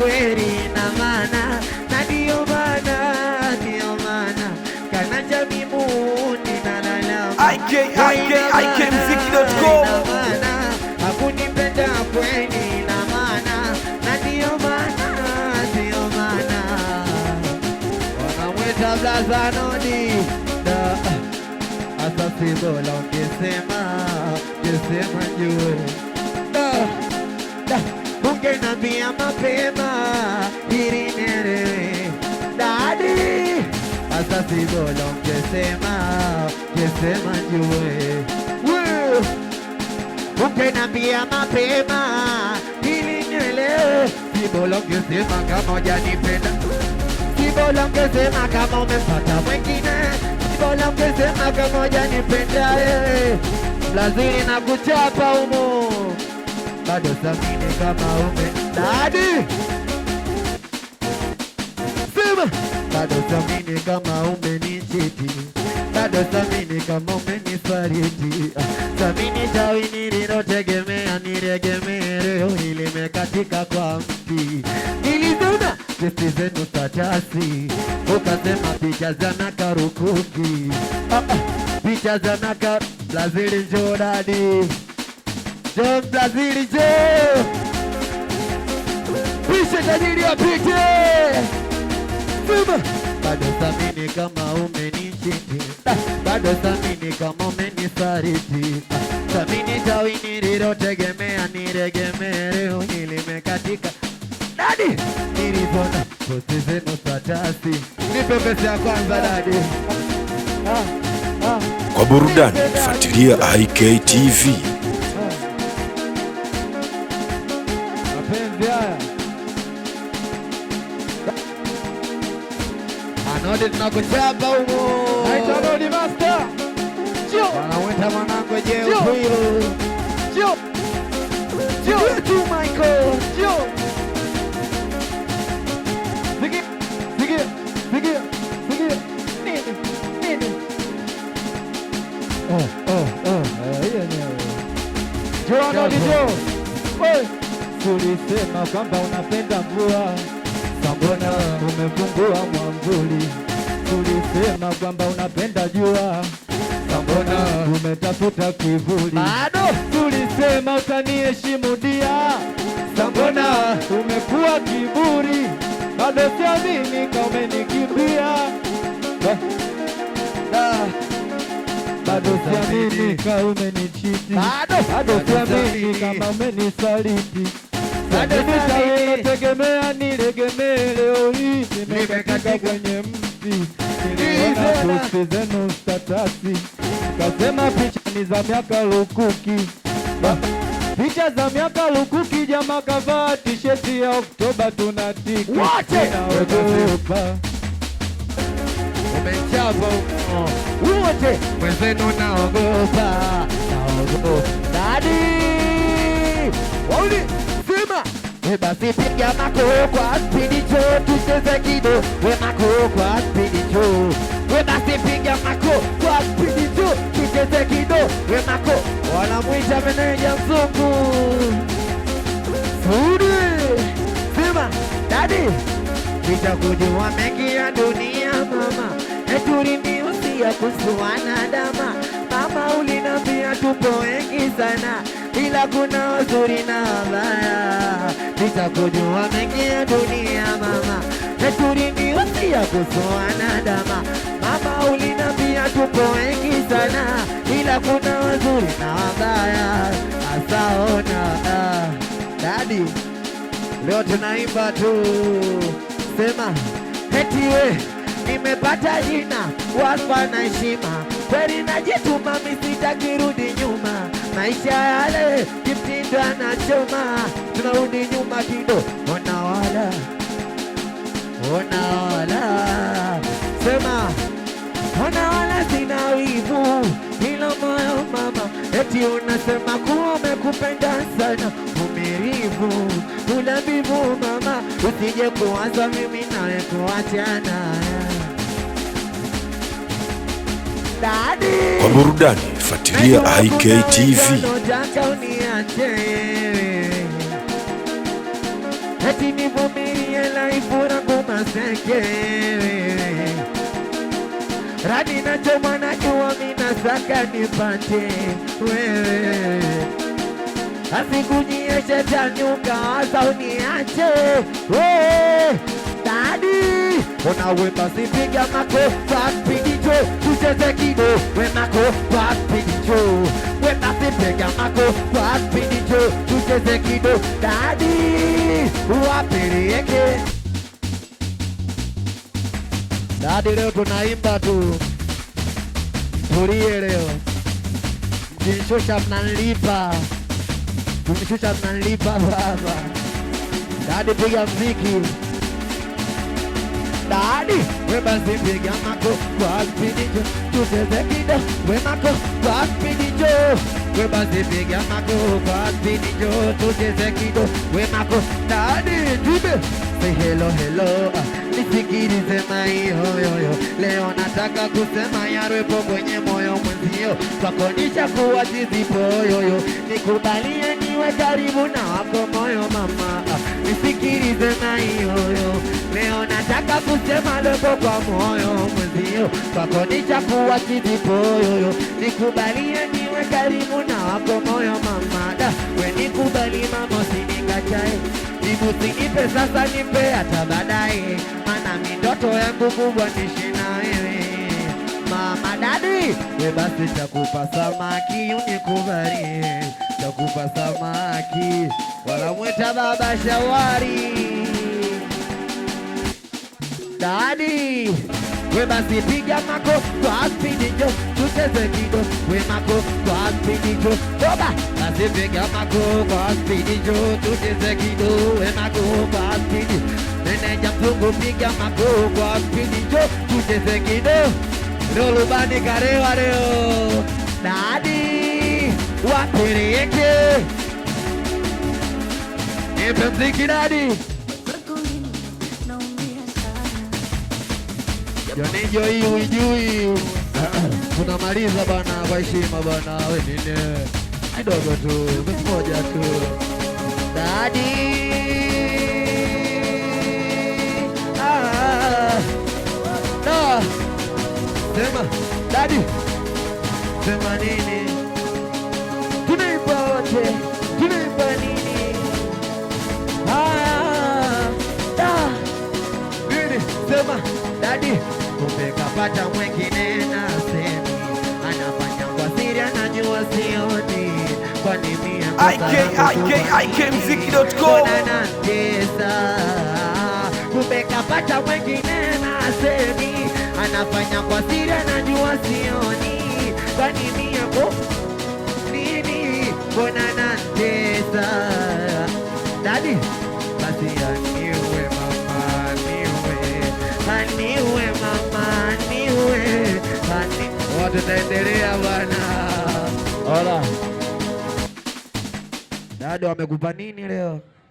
kweli na maana, na ndio maana, ndio maana Kananja Mimudi na lalama ikmziki.com hakunipenda kweli na maana, na ndio maana, ndio maana wanamweta Blazanodi hata ah, sibola ungesema, ungesema juu ungenambia mapema ili que se ma que se ma jue ungenambia mapema ili nielewe sibola ungesema kama hujanipenda sibola ungesema kama umepata mwengine sibola ungesema kama hujanipenda wewe eh. na kuchapa umu madosa ni kama ume dadi sema madosa mini kama ume ni cheti bado samini kama umenifariji samini tawi nililotegemea niregemee leo ilimekatika kwa mti nilisema sisi zenu tatasi ukasema picha zana karukuki picha zana kabla zili njodadi Je, Brazili je, pishe tajiri apite bado samini kama umenishindi, bado samini kama umenifariji, samini tawi nililotegemea niregemee, leo limekatika dadi, nilipona posti zenu satasi, nipe pesa ya kwanza dadi. Kwa burudani fuatilia IKTV. Wote tunakujaba humo. Naitwa Lodi Master. Njoo. Wanaweta mwanangu je ukwilo. Njoo. Njoo tu Michael. Njoo. Pigia, pigia, pigia, pigia. Nini? Nini? Oh, oh, oh. Eh, hiyo ni wewe. Njoo Lodi njoo. Wewe ulisema kwamba unapenda mvua. Sambona umepungua mwamvuli ulisema kwamba unapenda jua, mbona umetafuta kivuli? Bado tulisema utaniheshimu dia, mbona umekuwa kiburi? Bado siamini kama umenikimbia, eh, bado siamini kama umenichiti, bado siamini kama umenisaliti tegemea nilegemee, leo hii nimekata kwenye mti Kapusi zenu statasi, kasema picha ni za miaka lukuki, picha za miaka lukuki. Jama kavaa tisheti ya Oktoba, tunatiki wote umechapa wote, mwenzenu naogopa, dadi wauli sema basi piga makoko, spidi cho tucheze kido, we makoko, spidi cho unazipiga mako kwa spidi tu, kicheze kido wemako, wanamwita meneja mzungu Sudi. Sema dadi nitakujua mengi ya dunia mama, etulimi usia kusuana dama mama, ulinambia tupo wengi sana ila kuna wazuri na wabaya, nitakujua mengi ya dunia mama, etulimi usia kusuana dama kama uliniambia tupo wengi sana, ila kuna wazuri na wabaya, asaona ah, dadi. Leo tunaimba tu, sema hetiwe we nimepata jina, wakwa na heshima kweli, najituma mimi, nyuma, maisha yale kimtindo anachoma, tunarudi nyuma kido, ona wala ona wala sema ona wala sina wivu, hilo moyo mama, eti unasema kuwa umekupenda sana. Umirivu ulabivu mama, usije kuwaza mimi nawe kuachana. Kwa burudani fuatilia IK TV. Eti nivumilie laifu rangu masekewe radi na joma na jua mina saka nipate wewe, asikunyeshe tanyuka hasa uniache wewe dadi unawemba sipiga mako papigicho tucheze kido wemako papigicho wemba sipiga mako papigicho tucheze kido dadi wapeleke hadi leo tunaimba tu, tulie leo. Mkinishusha mnanilipa, mkinishusha mnanilipa baba. Dadi piga mziki, dadi we basi piga mako kwa kidicho, tucheze kido we mako kwa kidicho we basi piga mako kwa kidicho, tucheze kido we mako dadi tube say hello hello uh. Sikilize yoyo, leo nataka kusema yarwepo kwenye moyo mwenzio, twakonisha kuwa zizipoyoyo, nikubalie niwe karibu na wako moyo mama, nisikilize yoyo, leo nataka kusema loko kwa moyo mwenzio, twakonisha kuwa zizipoyoyo, nikubalie niwe karibu na wako moyo mama, da we nikubali mama, usinikachae, nibu sinipe sasa, nipe hata baadaye mindoto ndoto yangu kubwa nishi na wewe mama dadi, we basi chakupa samaki unikubalie, chakupa samaki wala mweta baba shawari dadi we basi piga mako kwa spidi njo tucheze kido we mako kwa spidi njo toba basi piga mako kwa spidi njo tucheze kido we mako kupiga magogo apidijo kusese kido rolubani karewareo nani wapeleke epemziki hii uijui bana kwa heshima bana kidogo tu moja tu dadi Sema dadi, sema nini? wote, nini? Haya da ah, nini? Sema dadi, mwengine na semi anafanya kwa siri, anajua sioni, mwengine na semi anafanya kwa siri, anajua sioni. Kwa nini yako nini, mbona nateza dadi? Basi aniwe mama, aniwe, aniwe mama, aniwe, aniwe. Tutaendelea bwana, Hola dada, wamekupa nini leo?